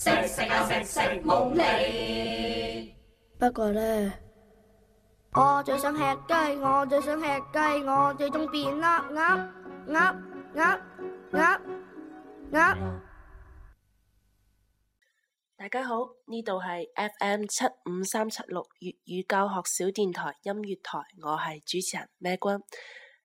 食食又食食冇膩。不過呢、嗯我，我最想吃雞，我最想吃雞，我最終變臘！鴨、呃、鴨、呃、鴨、呃、鴨、呃、鴨、呃。大家好，呢度係 F M 七五三七六粵語教學小電台音樂台，我係主持人咩軍。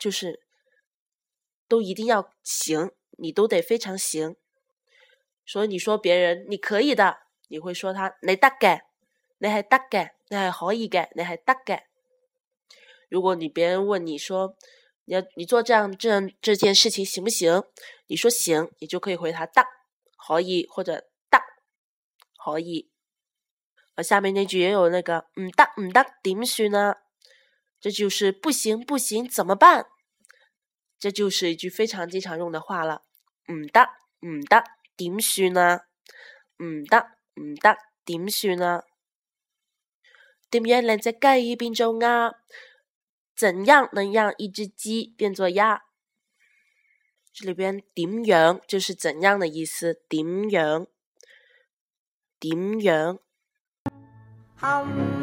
就是，都一定要行，你都得非常行。所以你說別人你可以的，你會說他你得嘅，你係得嘅，你係可以嘅，你係得嘅。如果你別人問你說，你要你做這樣這這件事情行不行？你說行，你就可以回答得可以或者得可以。啊，而下面那句也有那個唔得唔得，點算呢？這就是不行不行，怎麼辦？這就是一句非常經常用的話了。唔得唔得，點算啊？唔得唔得，點算啊？點樣令隻雞變做鴨？怎樣能讓一隻雞變做鴨？這裏邊“點樣”就是怎樣的意思？點樣？點樣？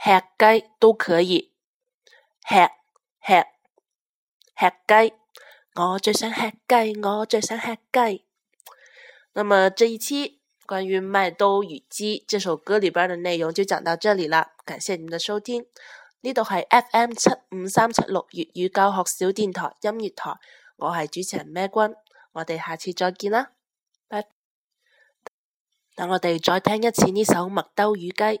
吃雞都可以，吃吃吃雞，我最想吃雞，我最想吃雞。那麼這一期關於麥兜與雞這首歌裡邊的內容就講到這裡啦，感謝您的收聽。呢度係 FM 七五三七六粵語教學小電台音樂台，我係主持人咩君，我哋下次再見啦。拜拜。等我哋再聽一次呢首麥兜與雞。